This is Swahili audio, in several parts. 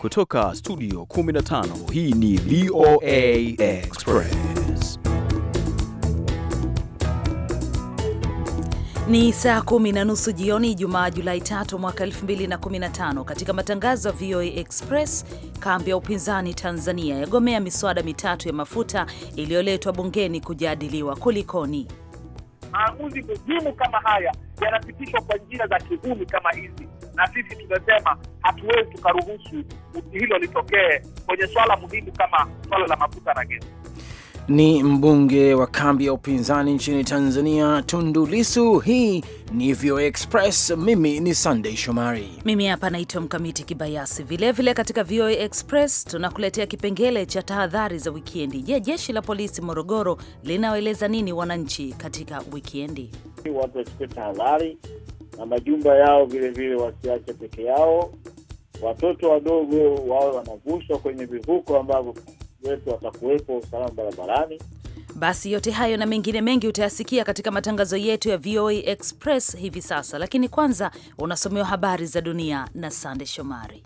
Kutoka studio 15 hii ni VOA Express. Ni saa kumi na nusu jioni Jumaa, Julai tatu mwaka 2015. Katika matangazo ya VOA Express, kambi ya upinzani Tanzania yagomea miswada mitatu ya mafuta iliyoletwa bungeni kujadiliwa. Kulikoni? Maamuzi muhimu kama haya yanapitishwa kwa njia za kihuni kama hizi na sisi tumesema hatuwezi tukaruhusu hilo litokee kwenye swala muhimu kama swala la mafuta na gesi. Ni mbunge wa kambi ya upinzani nchini Tanzania, Tundu Lisu. Hii ni VOA Express. Mimi ni sandey Shomari, mimi hapa naitwa Mkamiti Kibayasi. Vilevile vile katika VOA Express tunakuletea kipengele cha tahadhari za wikendi. Je, jeshi la polisi Morogoro linaoeleza nini wananchi katika wikendi? Watu wachukue tahadhari na majumba yao vile vile wasiache peke yao. Watoto wadogo wawe wanavushwa kwenye vivuko ambavyo wetu watakuwepo usalama barabarani. Basi yote hayo na mengine mengi utayasikia katika matangazo yetu ya VOA Express hivi sasa, lakini kwanza unasomewa habari za dunia na Sande Shomari.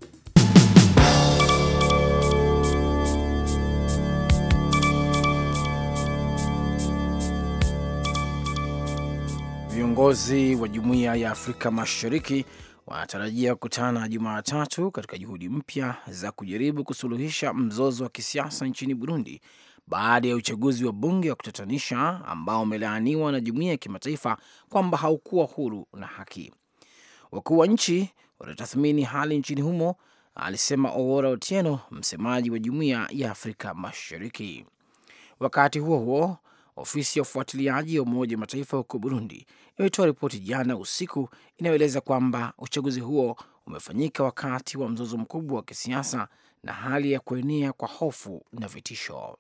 Viongozi wa Jumuiya ya Afrika Mashariki wanatarajia kukutana Jumatatu katika juhudi mpya za kujaribu kusuluhisha mzozo wa kisiasa nchini Burundi baada ya uchaguzi wa bunge wa kutatanisha ambao umelaaniwa na jumuiya ya kimataifa kwamba haukuwa huru na haki. Wakuu wa nchi wanatathmini hali nchini humo, alisema Owora Otieno, msemaji wa Jumuiya ya Afrika Mashariki. Wakati huo huo, Ofisi ya ufuatiliaji ya Umoja wa Mataifa huko Burundi imetoa ripoti jana usiku inayoeleza kwamba uchaguzi huo umefanyika wakati wa mzozo mkubwa wa kisiasa na hali ya kuenea kwa hofu na vitisho.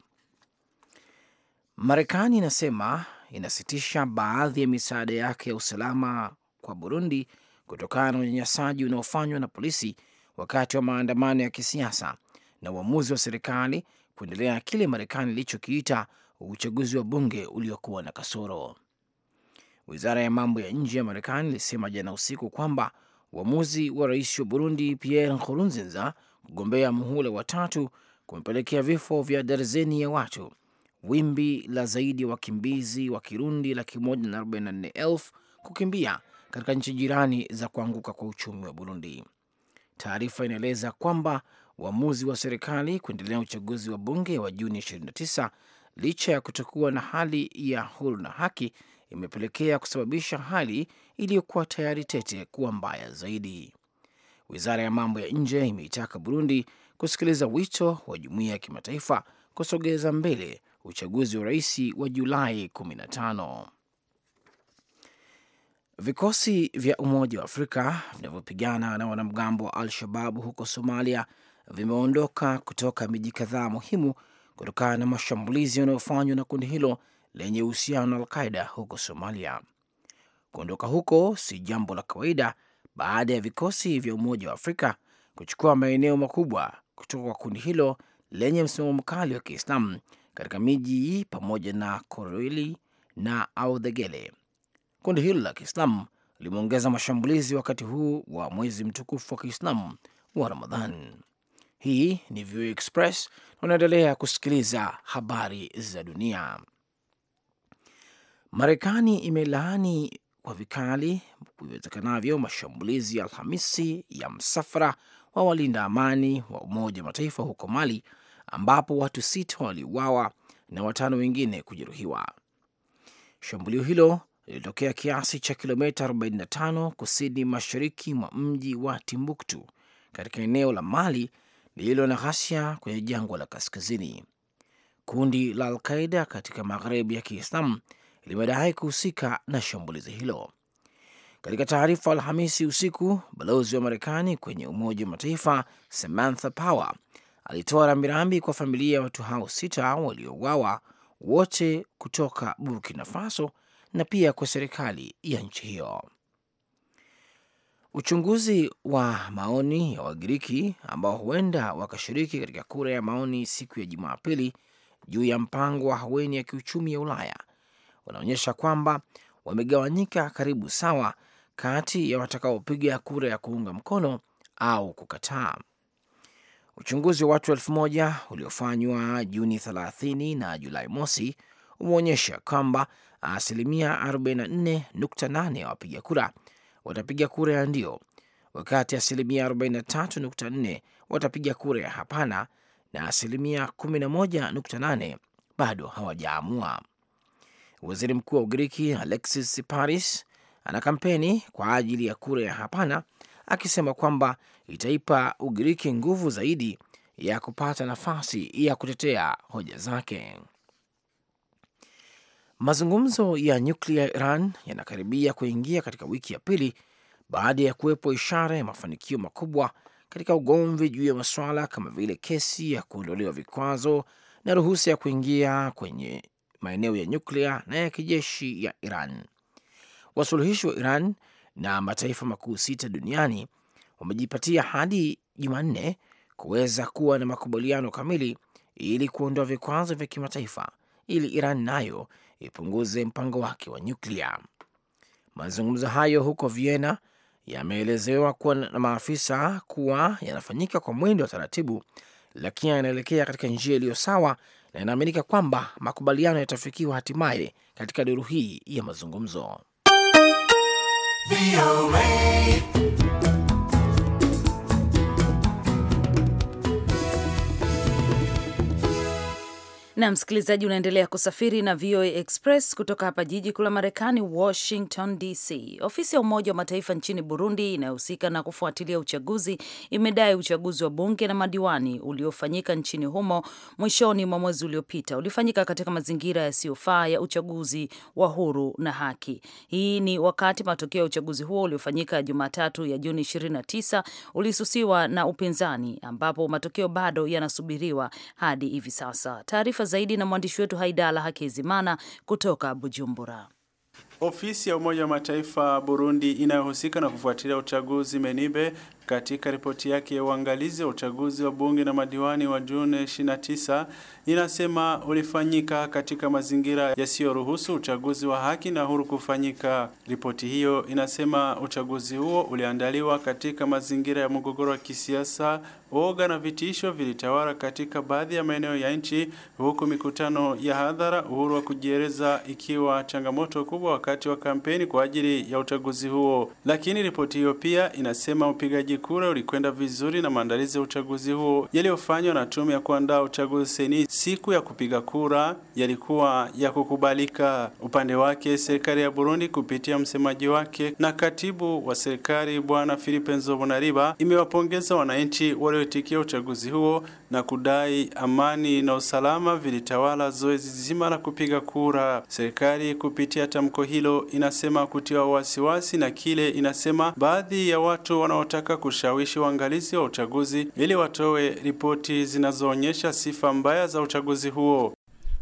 Marekani inasema inasitisha baadhi ya misaada yake ya usalama kwa Burundi kutokana na unyanyasaji unaofanywa na polisi wakati wa maandamano ya kisiasa na uamuzi wa serikali kuendelea kile Marekani ilichokiita uchaguzi wa bunge uliokuwa na kasoro. Wizara ya mambo ya nje ya Marekani ilisema jana usiku kwamba uamuzi wa rais wa Burundi Pierre Nkurunziza kugombea muhula wa tatu kumepelekea vifo vya darzeni ya watu, wimbi la zaidi ya wakimbizi wa Kirundi laki moja na arobaini na nne elfu kukimbia katika nchi jirani za kuanguka kwa uchumi wa Burundi. Taarifa inaeleza kwamba uamuzi wa serikali kuendelea uchaguzi wa bunge wa Juni 29 licha ya kutokuwa na hali ya huru na haki, imepelekea kusababisha hali iliyokuwa tayari tete kuwa mbaya zaidi. Wizara ya mambo ya nje imeitaka Burundi kusikiliza wito wa jumuiya ya kimataifa kusogeza mbele uchaguzi wa rais wa Julai 15. Vikosi vya Umoja wa Afrika vinavyopigana na wanamgambo wa Al-Shababu huko Somalia vimeondoka kutoka miji kadhaa muhimu kutokana na mashambulizi yanayofanywa na kundi hilo lenye uhusiano na Alqaida huko Somalia. Kuondoka huko si jambo la kawaida baada ya vikosi vya Umoja wa Afrika kuchukua maeneo makubwa kutoka kwa kundi hilo lenye msimamo mkali wa Kiislamu katika miji pamoja na Koroili na Audhegele. Kundi hilo la Kiislamu limeongeza mashambulizi wakati huu wa mwezi mtukufu wa Kiislamu wa Ramadhan. Hii ni VOA Express, unaendelea kusikiliza habari za dunia. Marekani imelaani kwa vikali iwezekanavyo mashambulizi ya Alhamisi ya msafara wa walinda amani wa Umoja wa Mataifa huko Mali, ambapo watu sita waliuawa na watano wengine kujeruhiwa. Shambulio hilo lilitokea kiasi cha kilomita 45 kusini mashariki mwa mji wa Timbuktu katika eneo la Mali lililo na ghasia kwenye jangwa la kaskazini. Kundi la Alqaida katika magharibi ya Kiislamu limedai kuhusika na shambulizi hilo. Katika taarifa Alhamisi usiku, balozi wa Marekani kwenye Umoja wa Mataifa Samantha Power alitoa rambirambi kwa familia ya watu hao sita waliouawa wote kutoka Burkina Faso na pia kwa serikali ya nchi hiyo. Uchunguzi wa maoni ya Wagiriki ambao huenda wakashiriki katika kura ya maoni siku ya Jumapili juu ya mpango wa haweni ya kiuchumi ya Ulaya unaonyesha kwamba wamegawanyika karibu sawa kati ya watakaopiga kura ya kuunga mkono au kukataa. Uchunguzi wa watu elfu moja uliofanywa Juni 30 na Julai mosi umeonyesha kwamba asilimia 44.8 ya wapiga kura watapiga kura ya ndio, wakati asilimia 43.4 watapiga kura ya hapana na asilimia 11.8 bado hawajaamua. Waziri mkuu wa Ugiriki Alexis Siparis ana kampeni kwa ajili ya kura ya hapana, akisema kwamba itaipa Ugiriki nguvu zaidi ya kupata nafasi ya kutetea hoja zake. Mazungumzo ya nyuklia Iran yanakaribia kuingia katika wiki ya pili baada ya kuwepo ishara ya mafanikio makubwa katika ugomvi juu ya masuala kama vile kesi ya kuondolewa vikwazo na ruhusa ya kuingia kwenye maeneo ya nyuklia na ya kijeshi ya Iran. Wasuluhishi wa Iran na mataifa makuu sita duniani wamejipatia hadi Jumanne kuweza kuwa na makubaliano kamili ili kuondoa vikwazo vya kimataifa ili Iran nayo ipunguze mpango wake wa nyuklia. Mazungumzo hayo huko Vienna yameelezewa kuwa na maafisa kuwa yanafanyika kwa mwendo wa taratibu, lakini yanaelekea katika njia iliyo sawa na inaaminika kwamba makubaliano yatafikiwa hatimaye katika duru hii ya mazungumzo. na msikilizaji, unaendelea kusafiri na VOA Express kutoka hapa jiji kuu la Marekani, Washington DC. Ofisi ya Umoja wa Mataifa nchini Burundi inayohusika na kufuatilia uchaguzi imedai uchaguzi wa bunge na madiwani uliofanyika nchini humo mwishoni mwa mwezi uliopita ulifanyika katika mazingira yasiyofaa ya uchaguzi wa huru na haki. Hii ni wakati matokeo ya uchaguzi huo uliofanyika Jumatatu ya Juni 29 ulisusiwa na upinzani, ambapo matokeo bado yanasubiriwa hadi hivi sasa. Taarifa zaidi na mwandishi wetu Haidala Hakizimana kutoka Bujumbura. Ofisi ya Umoja wa Mataifa Burundi inayohusika na kufuatilia uchaguzi Menibe katika ripoti yake ya uangalizi wa uchaguzi wa bunge na madiwani wa Juni 29 inasema ulifanyika katika mazingira yasiyoruhusu uchaguzi wa haki na huru kufanyika. Ripoti hiyo inasema uchaguzi huo uliandaliwa katika mazingira ya mgogoro wa kisiasa, oga na vitisho vilitawala katika baadhi ya maeneo ya nchi, huku mikutano ya hadhara, uhuru wa kujieleza ikiwa changamoto kubwa wakati wa kampeni kwa ajili ya uchaguzi huo. Lakini ripoti hiyo pia inasema upigaji upigaji kura ulikwenda vizuri na maandalizi ya uchaguzi huo yaliyofanywa na tume ya kuandaa uchaguzi seni siku ya kupiga kura yalikuwa ya kukubalika. Upande wake serikali ya Burundi kupitia msemaji wake na katibu wa serikali Bwana Philippe Nzobonariba imewapongeza wananchi walioitikia uchaguzi huo na kudai amani na usalama vilitawala zoezi zima la kupiga kura. Serikali kupitia tamko hilo inasema kutiwa wasiwasi na kile inasema baadhi ya watu wanaotaka kushawishi waangalizi wa uchaguzi ili watoe ripoti zinazoonyesha sifa mbaya za uchaguzi huo.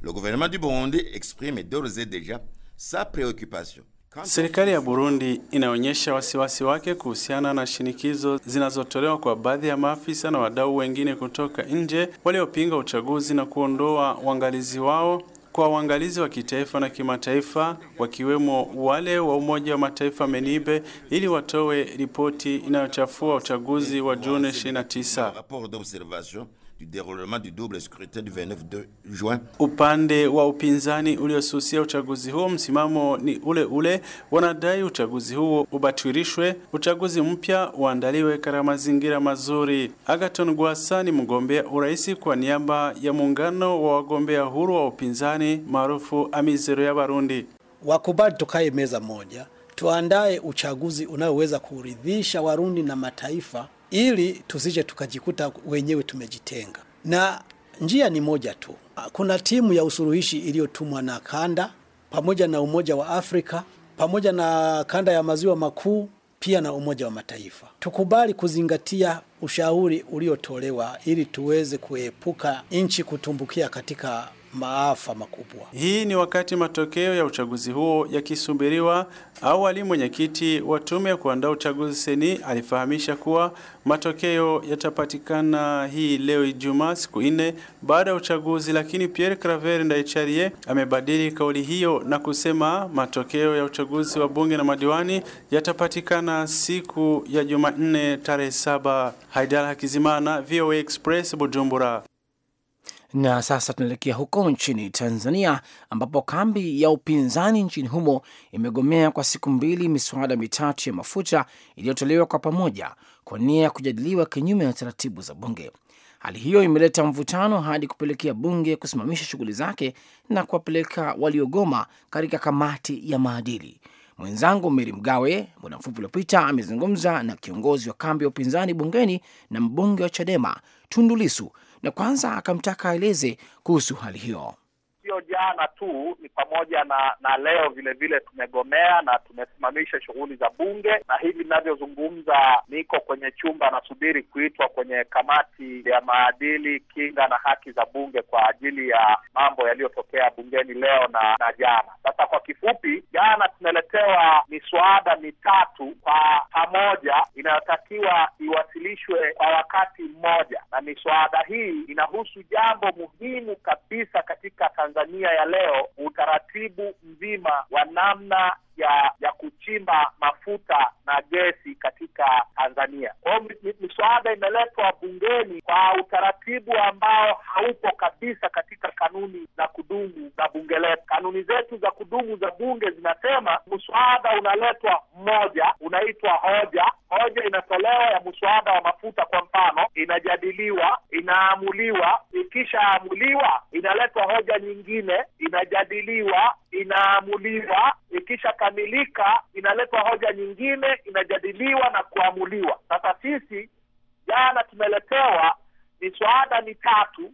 Le gouvernement du Burundi exprime d'ores et déjà sa préoccupation. Serikali ya Burundi inaonyesha wasiwasi wake kuhusiana na shinikizo zinazotolewa kwa baadhi ya maafisa na wadau wengine kutoka nje waliopinga uchaguzi na kuondoa uangalizi wao kwa uangalizi wa kitaifa na kimataifa wakiwemo wale wa Umoja wa Mataifa menibe ili watoe ripoti inayochafua uchaguzi wa Juni 29 du déroulement du double scrutin du 29 de juin. Upande wa upinzani uliosusia uchaguzi huo msimamo ni ule ule, wanadai uchaguzi huo ubatilishwe, uchaguzi mpya uandaliwe katika mazingira mazuri. Agaton Gwasa ni mgombea urais kwa niaba ya muungano wa wagombea huru wa upinzani maarufu Amizero ya Barundi. Wakubali tukae meza moja, tuandae uchaguzi unaoweza kuridhisha Warundi na mataifa ili tusije tukajikuta wenyewe tumejitenga. Na njia ni moja tu. Kuna timu ya usuluhishi iliyotumwa na kanda pamoja na Umoja wa Afrika pamoja na kanda ya maziwa makuu pia na Umoja wa Mataifa. Tukubali kuzingatia ushauri uliotolewa ili tuweze kuepuka nchi kutumbukia katika maafa makubwa. Hii ni wakati matokeo ya uchaguzi huo yakisubiriwa. Awali, mwenyekiti wa tume ya kuandaa uchaguzi seni alifahamisha kuwa matokeo yatapatikana hii leo Ijumaa, siku nne baada ya uchaguzi, lakini Pierre Claver ndaicharie amebadili kauli hiyo na kusema matokeo ya uchaguzi wa bunge na madiwani yatapatikana siku ya Jumanne tarehe saba. Haidara Hakizimana, VOA Express, Bujumbura. Na sasa tunaelekea huko nchini Tanzania ambapo kambi ya upinzani nchini humo imegomea kwa siku mbili miswada mitatu ya mafuta iliyotolewa kwa pamoja kwa nia ya kujadiliwa kinyume na taratibu za bunge. Hali hiyo imeleta mvutano hadi kupelekea bunge kusimamisha shughuli zake na kuwapeleka waliogoma katika kamati ya maadili. Mwenzangu Meri Mgawe muda mfupi uliopita amezungumza na kiongozi wa kambi ya upinzani bungeni na mbunge wa CHADEMA tundulisu na kwanza akamtaka aeleze kuhusu hali hiyo sio jana tu, ni pamoja na na leo vile vile tumegomea na tumesimamisha shughuli za bunge, na hivi ninavyozungumza niko kwenye chumba, nasubiri kuitwa kwenye kamati ya maadili, kinga na haki za bunge kwa ajili ya mambo yaliyotokea bungeni leo na, na jana. Sasa kwa kifupi, jana tumeletewa miswada mitatu kwa pamoja inayotakiwa iwasilishwe kwa wakati mmoja, na miswada hii inahusu jambo muhimu kabisa katika Tanzania Tanzania ya leo utaratibu mzima wa namna ya ya kuchimba mafuta na gesi katika Tanzania. Kwa hiyo miswada imeletwa bungeni kwa utaratibu ambao haupo kabisa katika kanuni za kudumu za bunge letu. Kanuni zetu za kudumu za bunge zinasema mswada unaletwa mmoja, unaitwa hoja. Hoja inatolewa ya mswada wa mafuta kwa mfano, inajadiliwa, inaamuliwa. Ikishaamuliwa, inaletwa hoja nyingine, inajadiliwa inaamuliwa, ikishakamilika inaletwa hoja nyingine, inajadiliwa na kuamuliwa. Sasa sisi jana tumeletewa miswada mitatu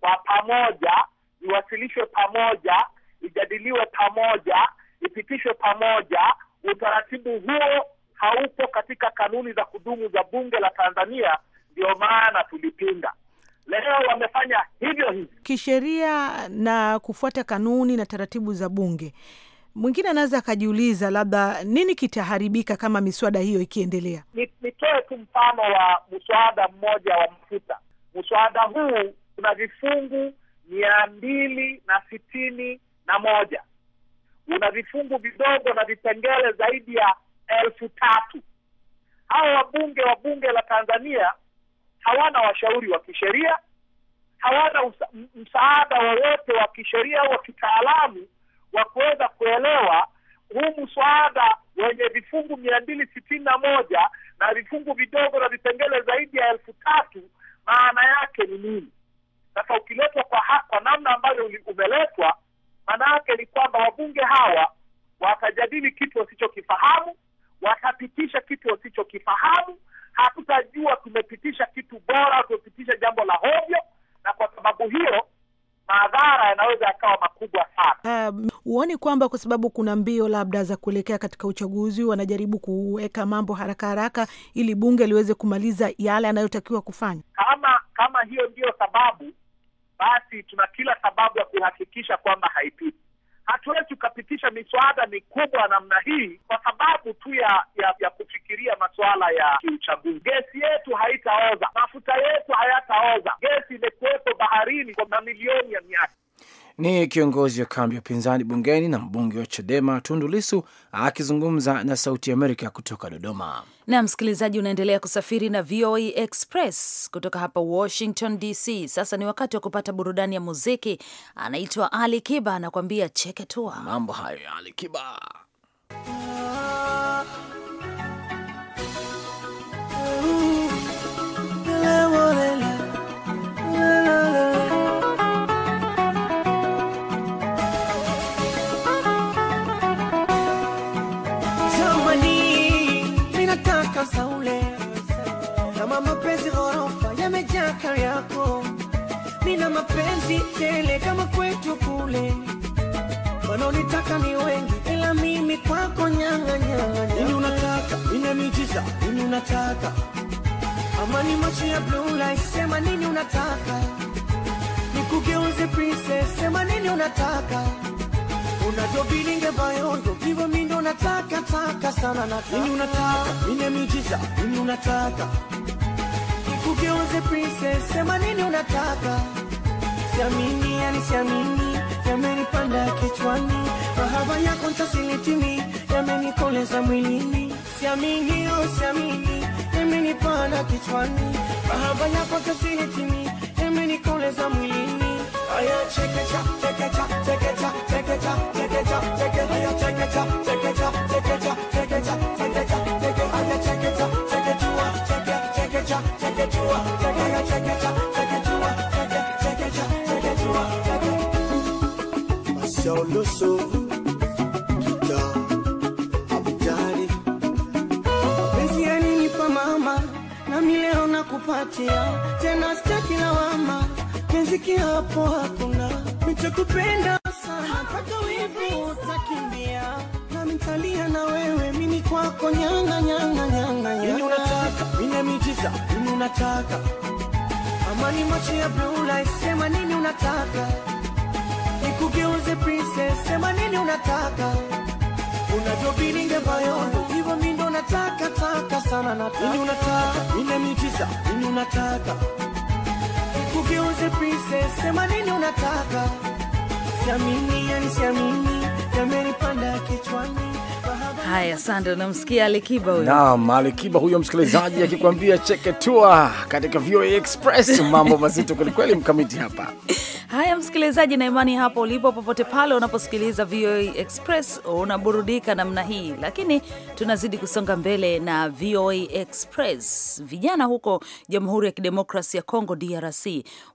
kwa pamoja, iwasilishwe pamoja, ijadiliwe pamoja, ipitishwe pamoja. Utaratibu huo haupo katika kanuni za kudumu za bunge la Tanzania, ndio maana tulipinga leo wamefanya hivyo hivyo kisheria na kufuata kanuni na taratibu za bunge. Mwingine anaweza akajiuliza labda nini kitaharibika kama miswada hiyo ikiendelea. Nitoe tu mfano wa mswada mmoja wa mafuta. Mswada huu una vifungu mia mbili na sitini na moja una vifungu vidogo na vipengele zaidi ya elfu tatu. Hawa wabunge wa bunge la Tanzania hawana washauri wa kisheria, hawana msaada wowote wa kisheria au wa kitaalamu wa kuweza kuelewa huu mswada wenye vifungu mia mbili sitini na moja na vifungu vidogo na vipengele zaidi ya elfu tatu maana yake ni nini? Sasa ukiletwa kwa, kwa namna ambayo umeletwa, maana yake ni kwamba wabunge hawa watajadili kitu wasichokifahamu, watapitisha kitu wasichokifahamu, hatutajua tumepitisha kitu bora, tumepitisha jambo la hovyo, na kwa sababu hiyo madhara yanaweza yakawa makubwa sana. Eh, huoni uh, kwamba kwa sababu kuna mbio labda za kuelekea katika uchaguzi, wanajaribu kuweka mambo haraka haraka ili bunge liweze kumaliza yale yanayotakiwa kufanya? Kama kama hiyo ndiyo sababu, basi tuna kila sababu ya kuhakikisha kwamba haipiti hatuwezi ukapitisha miswada mikubwa namna hii kwa sababu tu ya ya, ya kufikiria masuala ya kiuchaguzi. Gesi yetu haitaoza, mafuta yetu hayataoza. Gesi imekuwepo baharini kwa mamilioni ya miaka. Ni kiongozi wa kambi ya upinzani bungeni na mbunge wa Chadema Tundu Lisu akizungumza na Sauti Amerika kutoka Dodoma. Na msikilizaji, unaendelea kusafiri na VOA Express kutoka hapa Washington DC. Sasa ni wakati wa kupata burudani ya muziki. Anaitwa Ali Kiba, anakuambia cheketua mambo hayo ya Ali Kiba. kulala kichwani, mahaba yako kesi hitimi, nikoleza mwilini. Aya chekecha chekecha chekecha chekecha chekecha aya chekecha chekecha chekecha chekecha chekecha aya chekecha chekechua cheke chekecha chekechua cheke, aya chekecha chekechua cheke chekecha chekechua kupatia tena, staki lawama, miziki hapo hakuna, nitakupenda sana mpaka wivu utakimbia, na mitalia na wewe mimi kwako, nyanga nyanga nyanga nyanga, unataka mine mijiza mimi unataka amani, macho ya blue light, sema nini unataka nikugeuze princess, sema nini unataka unavyobidi ngebayondo hivyo, mindo ndo nataka nini unataka ile miujiza, nini unataka kugeuze princess, sema nini unataka. Siamini yani siamini, yamenipanda kichwani Haya, Sando, namsikia Alikiba huyo. Naam, Alikiba huyo msikilizaji akikwambia cheke katika VOA Express. Mambo mazito kwelikweli, mkamiti hapa. Haya msikilizaji, na imani hapo ulipo, popote pale unaposikiliza VOA Express unaburudika namna hii, lakini tunazidi kusonga mbele na VOA Express. Vijana huko Jamhuri ya Kidemokrasi ya Kongo, DRC,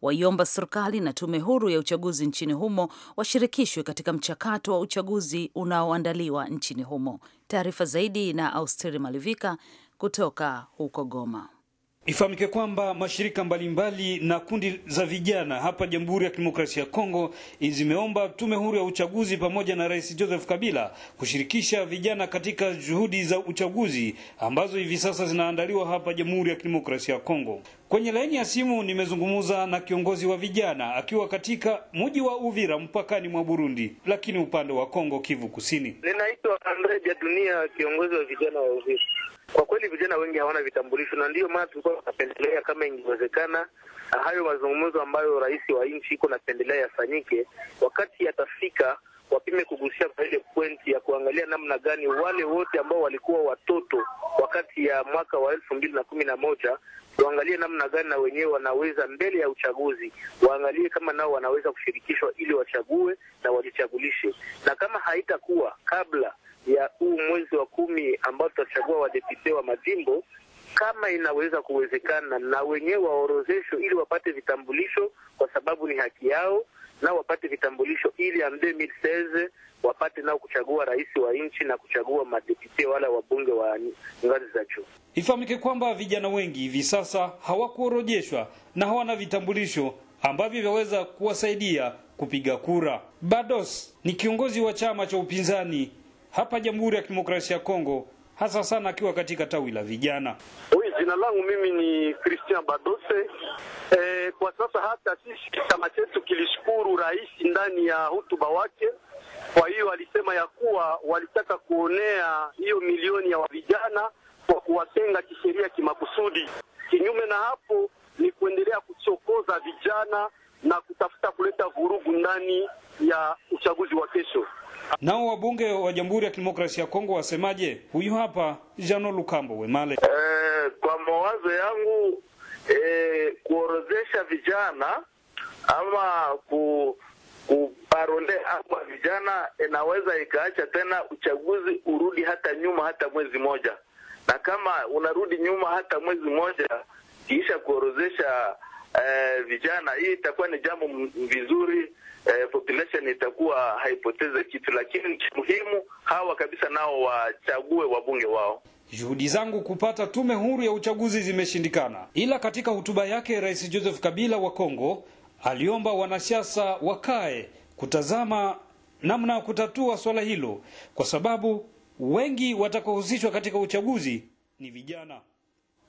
waiomba serikali na tume huru ya uchaguzi nchini humo washirikishwe katika mchakato wa uchaguzi unaoandaliwa nchini humo. Taarifa zaidi na Austeri Malivika kutoka huko Goma. Ifahamike kwamba mashirika mbalimbali mbali na kundi za vijana hapa Jamhuri ya Kidemokrasia ya Kongo zimeomba tume huru ya uchaguzi pamoja na Rais Joseph Kabila kushirikisha vijana katika juhudi za uchaguzi ambazo hivi sasa zinaandaliwa hapa Jamhuri ya Kidemokrasia ya Kongo. Kwenye laini ya simu nimezungumza na kiongozi wa vijana akiwa katika mji wa Uvira mpakani mwa Burundi, lakini upande wa Kongo Kivu Kusini. Ninaitwa Andre Dunia, kiongozi wa vijana wa Uvira. Kwa kweli vijana wengi hawana vitambulisho, na ndiyo maana tulikuwa tunapendelea kama ingewezekana hayo mazungumzo ambayo rais wa nchi iko napendelea yafanyike, wakati yatafika wapime kugusia kwa ile pointi ya kuangalia namna gani wale wote ambao walikuwa watoto wakati ya mwaka wa elfu mbili na kumi na moja waangalie namna gani na wenyewe wanaweza mbele ya uchaguzi, waangalie kama nao wanaweza kushirikishwa ili wachague na wajichagulishe, na kama haitakuwa kabla ya huu mwezi wa kumi ambao tutachagua wadepute wa majimbo, kama inaweza kuwezekana, na wenyewe waorozeshwe ili wapate vitambulisho, kwa sababu ni haki yao, na wapate vitambulisho ili ande 2016 wapate nao kuchagua rais wa nchi na kuchagua madepute wala wabunge wa ngazi za juu. Ifahamike kwamba vijana wengi hivi sasa hawakuorojeshwa na hawana vitambulisho ambavyo vyaweza kuwasaidia kupiga kura. Bados ni kiongozi wa chama cha upinzani hapa Jamhuri ya Kidemokrasia ya Kongo, hasa sana akiwa katika tawi la vijana. Jina langu mimi ni Christian Badose. E, kwa sasa hata sisi chama chetu kilishukuru rais ndani ya hotuba wake. Kwa hiyo alisema ya kuwa walitaka kuonea hiyo milioni ya vijana kwa kuwatenga kisheria kimakusudi. Kinyume na hapo ni kuendelea kuchokoza vijana na kutafuta kuleta vurugu ndani ya uchaguzi wa kesho. Nao wabunge wa Jamhuri ya Kidemokrasia ya Kongo wasemaje? Huyu hapa Jano Lukambo Wemale. E, kwa mawazo yangu e, eh, kuorozesha vijana ama ku kuparole ama vijana inaweza ikaacha tena uchaguzi urudi hata nyuma hata mwezi moja, na kama unarudi nyuma hata mwezi moja kiisha kuorozesha eh, vijana. Hii itakuwa ni jambo vizuri eh, population itakuwa haipoteze kitu, lakini muhimu hawa kabisa nao wachague wabunge wao. Juhudi zangu kupata tume huru ya uchaguzi zimeshindikana, ila katika hotuba yake Rais Joseph Kabila wa Kongo aliomba wanasiasa wakae kutazama namna ya kutatua swala hilo, kwa sababu wengi watakaohusishwa katika uchaguzi ni vijana.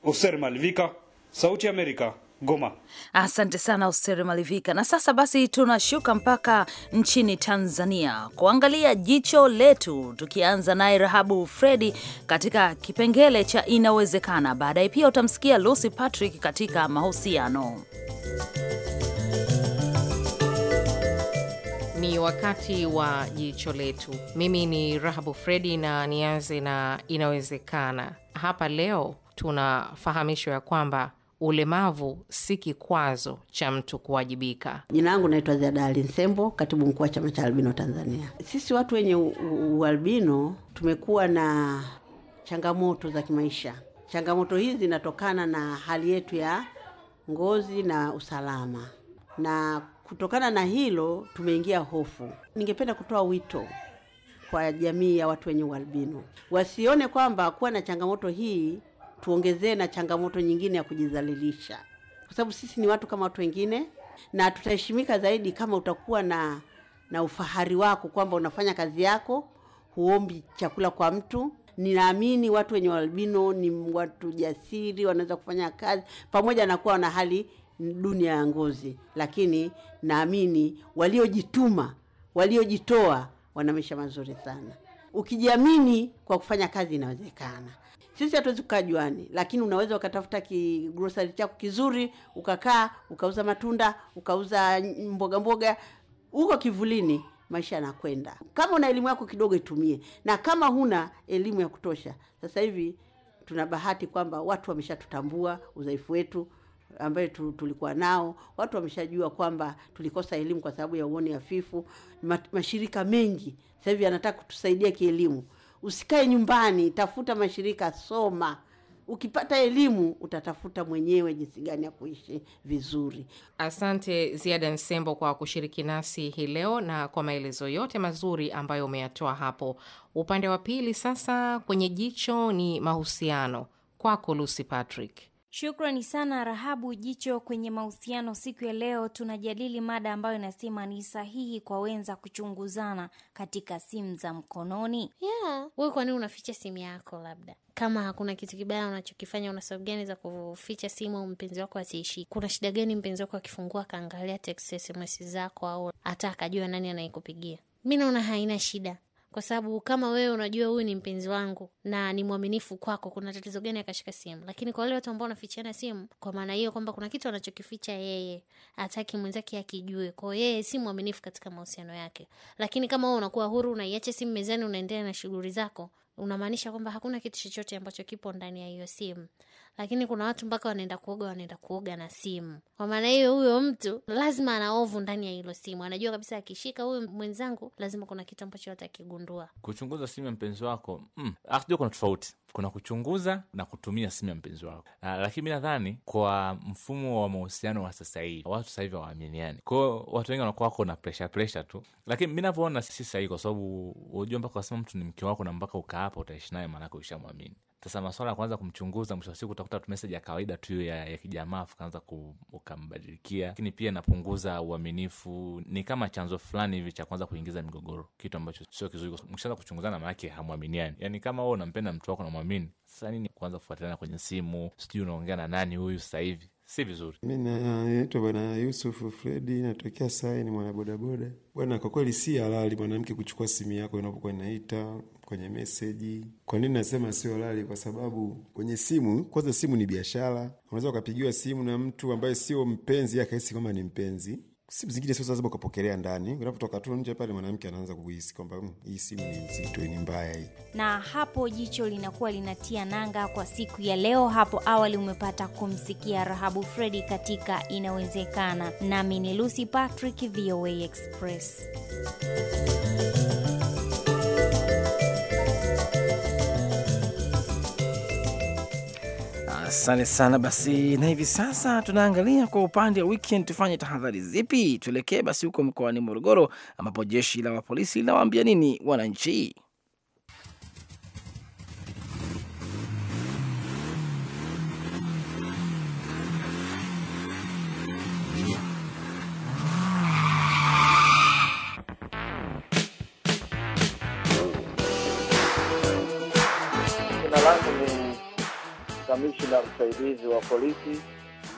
Oser Malvika, Sauti ya Amerika, Goma. Asante sana Ustere Malivika. Na sasa basi tunashuka mpaka nchini Tanzania kuangalia jicho letu, tukianza naye Rahabu Fredi katika kipengele cha inawezekana. Baadaye pia utamsikia Lucy Patrick katika mahusiano. Ni wakati wa jicho letu. Mimi ni Rahabu Fredi na nianze na inawezekana. Hapa leo tunafahamishwa ya kwamba ulemavu si kikwazo cha mtu kuwajibika. Jina langu naitwa Zadali Nsembo, katibu mkuu wa chama cha albino Tanzania. Sisi watu wenye ualbino tumekuwa na changamoto za kimaisha. Changamoto hizi zinatokana na hali yetu ya ngozi na usalama, na kutokana na hilo tumeingia hofu. Ningependa kutoa wito kwa jamii ya watu wenye ualbino wasione kwamba kuwa na changamoto hii tuongezee na changamoto nyingine ya kujidhalilisha, kwa sababu sisi ni watu kama watu wengine, na tutaheshimika zaidi kama utakuwa na na ufahari wako kwamba unafanya kazi yako, huombi chakula kwa mtu. Ninaamini watu wenye albino ni watu jasiri, wanaweza kufanya kazi pamoja na kuwa na hali dunia ya ngozi, lakini naamini waliojituma, waliojitoa wana maisha mazuri sana. Ukijiamini kwa kufanya kazi, inawezekana. Sisi hatuwezi kukaa juani, lakini unaweza ukatafuta kigrosari chako kizuri, ukakaa ukauza matunda, ukauza mboga mboga huko kivulini. Maisha yanakwenda. Kama una elimu yako kidogo, itumie, na kama huna elimu ya kutosha, sasa hivi tuna bahati kwamba watu wameshatutambua udhaifu wetu ambayo tulikuwa nao. Watu wameshajua kwamba tulikosa elimu kwa sababu ya uoni hafifu. Mashirika mengi sasa hivi yanataka kutusaidia kielimu. Usikae nyumbani, tafuta mashirika, soma. Ukipata elimu utatafuta mwenyewe jinsi gani ya kuishi vizuri. Asante Ziada Nsembo kwa kushiriki nasi hii leo na kwa maelezo yote mazuri ambayo umeyatoa hapo. Upande wa pili sasa kwenye jicho ni mahusiano, kwako Lucy Patrick. Shukrani sana Rahabu Jicho. Kwenye mahusiano siku ya leo tunajadili mada ambayo inasema ni sahihi kwa wenza kuchunguzana katika simu za mkononi. Yeah, wewe kwa nini unaficha simu yako? Labda kama hakuna kitu kibaya unachokifanya, una sababu gani za kuficha simu au mpenzi wako asiishi? Kuna shida gani mpenzi wako akifungua akaangalia text, sms zako, au hata akajua nani anayekupigia? Mi naona haina shida kwa sababu kama wewe unajua huyu ni mpenzi wangu na ni mwaminifu kwako, kuna tatizo gani akashika simu? Lakini kwa wale watu ambao wanafichiana simu, kwa maana hiyo kwamba kuna kitu anachokificha yeye, hataki mwenzake akijue, kwa hiyo yeye si mwaminifu katika mahusiano yake. Lakini kama wewe unakuwa huru, unaiacha simu mezani, unaendelea na shughuli zako unamaanisha kwamba hakuna kitu chochote ambacho kipo ndani ya hiyo simu, lakini kuna watu mpaka wanaenda kuoga, wanaenda kuoga na simu. Kwa maana hiyo, huyo mtu lazima ana ovu ndani ya hilo simu, anajua kabisa akishika huyu mwenzangu, lazima kuna kitu ambacho watakigundua. Kuchunguza simu ya mpenzi wako, mm, kuna tofauti kuna kuchunguza na kutumia simu ya mpenzi wako. Ah, lakini mi nadhani kwa mfumo wa mahusiano wa sasa hivi watu sasa hivi hawaaminiani, kwao watu wengi wanakuwa wako na presha presha tu, lakini mi navyoona si sahii kwa sababu ujua mpaka wasema mtu ni mke wako na mpaka ukaapa utaishi naye, maanake ushamwamini. Sasa maswala ya kuanza kumchunguza, mwisho wa siku utakuta tu meseji ya kawaida tu ya, ya kijamaa ukaanza ukambadilikia, lakini pia inapunguza uaminifu. Ni kama chanzo fulani hivi cha kuanza kuingiza migogoro, kitu ambacho sio kizuri. Mkishaanza kuchunguzana, maanake hamwaminiani. Yani kama huo unampenda mtu wako, namwamini sasa nini kuanza kufuatiliana kwenye simu, sijui unaongea na nani huyu sasa hivi si vizuri. Mi naitwa Bwana Yusufu Fredi, natokea Sai, ni mwanabodaboda. Bwana, kwa kweli si halali mwanamke kuchukua simu yako inapokuwa inaita kwenye meseji. Kwa nini nasema sio halali? Kwa sababu kwenye simu, kwanza simu ni biashara. Unaweza ukapigiwa simu na mtu ambaye sio mpenzi, akahisi kwamba ni mpenzi simu zingine sio lazima ukapokelea ndani, unapotoka tu nje pale mwanamke anaanza kuhisi kwamba hmm, hii simu ni nzito, ni mbaya hii. Na hapo jicho linakuwa linatia nanga kwa siku ya leo. Hapo awali umepata kumsikia Rahabu Fredi katika Inawezekana, nami ni Lucy Patrick, VOA Express. Asante sana basi, na hivi sasa tunaangalia kwa upande wa weekend, tufanye tahadhari zipi? Tuelekee basi huko mkoani Morogoro, ambapo jeshi la polisi linawaambia nini wananchi? kamishna msaidizi wa polisi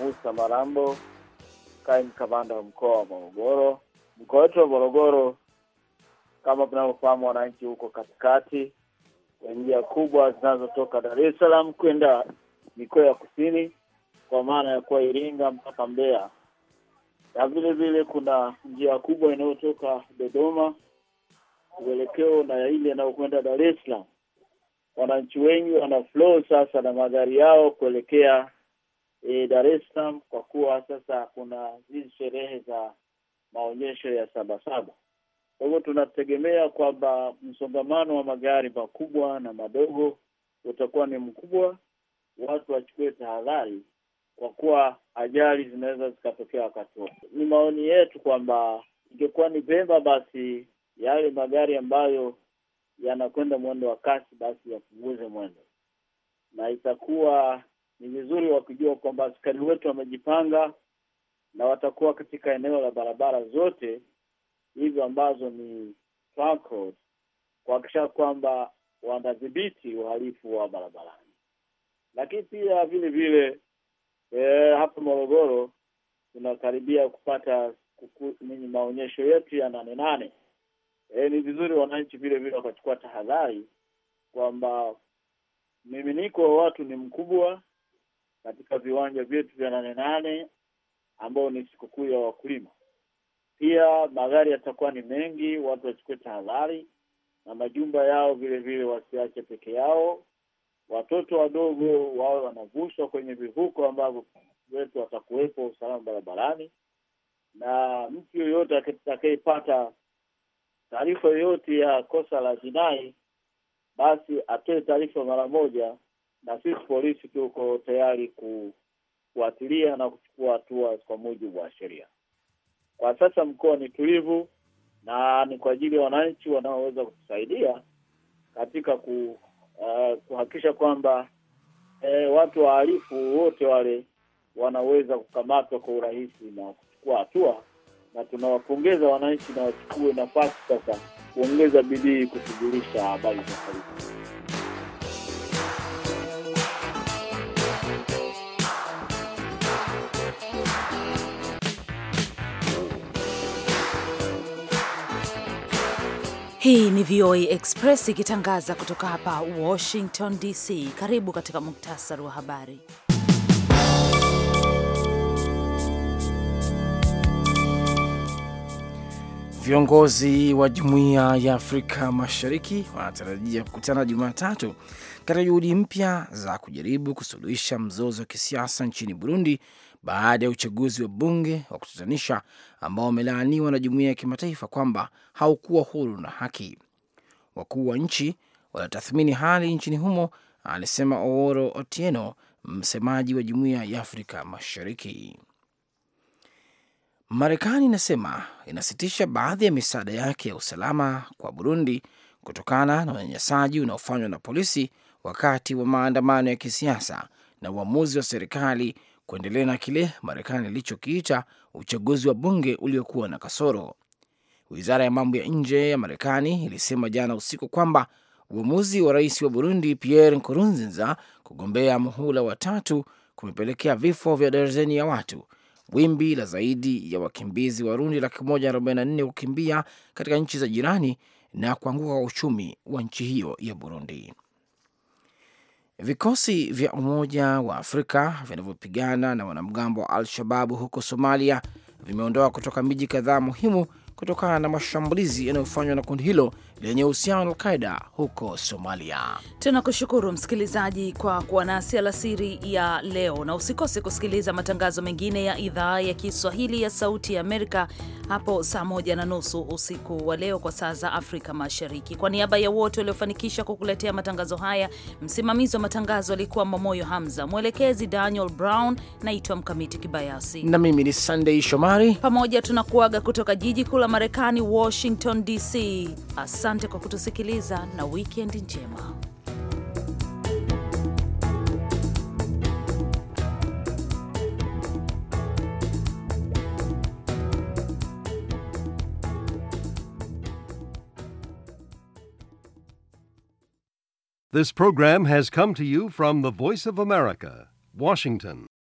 Musa Marambo, kaimu kamanda wa mkoa wa Morogoro. Mkoa wetu wa Morogoro kama tunavyofahamu, wananchi huko katikati ya njia kubwa zinazotoka Dar es Salaam kwenda mikoa ya kusini, kwa maana ya kuwa Iringa mpaka Mbeya, na vile vile kuna njia kubwa inayotoka Dodoma uelekeo na ile inayokwenda Dar es Salaam wananchi wengi flow sasa na magari yao kuelekea e, Dar es Salaam kwa kuwa sasa kuna hizi sherehe za maonyesho ya Sabasaba. Kwa hivyo tunategemea kwamba msongamano wa magari makubwa na madogo utakuwa ni mkubwa. Watu wachukue tahadhari, kwa kuwa ajali zinaweza zikatokea wakati wote. Ni maoni yetu kwamba ingekuwa ni pemba basi yale magari ambayo yanakwenda mwendo wa kasi, basi yapunguze mwendo, na itakuwa ni vizuri wakijua kwamba askari wetu wamejipanga na watakuwa katika eneo la barabara zote hizo ambazo ni transport, kuhakikisha kwamba wanadhibiti uhalifu wa barabarani. Lakini pia vile vile e, eh, hapa Morogoro tunakaribia kupata kuku, nini maonyesho yetu ya Nane Nane e, ni vizuri wananchi vile vile wakachukua tahadhari kwamba miminiko wa watu ni mkubwa katika viwanja vyetu vya Nane Nane ambao ni sikukuu ya wakulima. Pia magari yatakuwa ni mengi, watu wachukue tahadhari na majumba yao vile vile wasiache peke yao. Watoto wadogo wawe wanavushwa kwenye vivuko ambavyo wetu watakuwepo usalama barabarani, na mtu yoyote atakayepata taarifa yoyote ya kosa la jinai, basi atoe taarifa mara moja, na sisi polisi tuko tayari kufuatilia na kuchukua hatua kwa mujibu wa sheria. Kwa sasa mkoa ni tulivu na ni kwa ajili ya wananchi wanaoweza kutusaidia katika ku, uh, kuhakikisha kwamba eh, watu wahalifu wote wale wanaweza kukamatwa kwa urahisi na kuchukua hatua na tunawapongeza wananchi na wachukue nafasi sasa kuongeza bidii kushughulisha habari za taifa. Hii ni VOA Express ikitangaza kutoka hapa Washington DC. Karibu katika muktasari wa habari. Viongozi wa Jumuiya ya Afrika Mashariki wanatarajia kukutana Jumatatu katika juhudi mpya za kujaribu kusuluhisha mzozo wa kisiasa nchini Burundi baada ya uchaguzi wa bunge wa kutatanisha ambao wamelaaniwa na jumuiya ya kimataifa kwamba haukuwa huru na haki. Wakuu wa nchi wanatathmini hali nchini humo, alisema Oworo Otieno, msemaji wa Jumuiya ya Afrika Mashariki. Marekani inasema inasitisha baadhi ya misaada yake ya usalama kwa Burundi kutokana na unyanyasaji unaofanywa na polisi wakati wa maandamano ya kisiasa na uamuzi wa serikali kuendelea na kile Marekani ilichokiita uchaguzi wa bunge uliokuwa na kasoro. Wizara ya mambo ya nje ya Marekani ilisema jana usiku kwamba uamuzi wa rais wa Burundi Pierre Nkurunziza kugombea muhula wa tatu kumepelekea vifo vya darzeni ya watu wimbi la zaidi ya wakimbizi Warundi laki moja arobaini na nne kukimbia katika nchi za jirani na kuanguka kwa uchumi wa nchi hiyo ya Burundi. Vikosi vya Umoja wa Afrika vinavyopigana na wanamgambo wa Al-Shababu huko Somalia vimeondoa kutoka miji kadhaa muhimu kutokana na mashambulizi yanayofanywa na kundi hilo lenye uhusiano na Alqaida huko Somalia. Tunakushukuru msikilizaji kwa kuwa nasi alasiri ya leo, na usikose kusikiliza matangazo mengine ya idhaa ya Kiswahili ya Sauti ya Amerika hapo saa moja na nusu usiku wa leo kwa saa za Afrika Mashariki. Kwa niaba ya wote waliofanikisha kukuletea matangazo haya, msimamizi wa matangazo alikuwa Mamoyo Hamza, mwelekezi Daniel Brown. Naitwa Mkamiti Kibayasi na mimi ni sandey Shomari. Pamoja tunakuaga kutoka jiji kuu la Marekani, Washington DC. Asante kwa kutusikiliza na wikendi njema. This program has come to you from the Voice of America, Washington.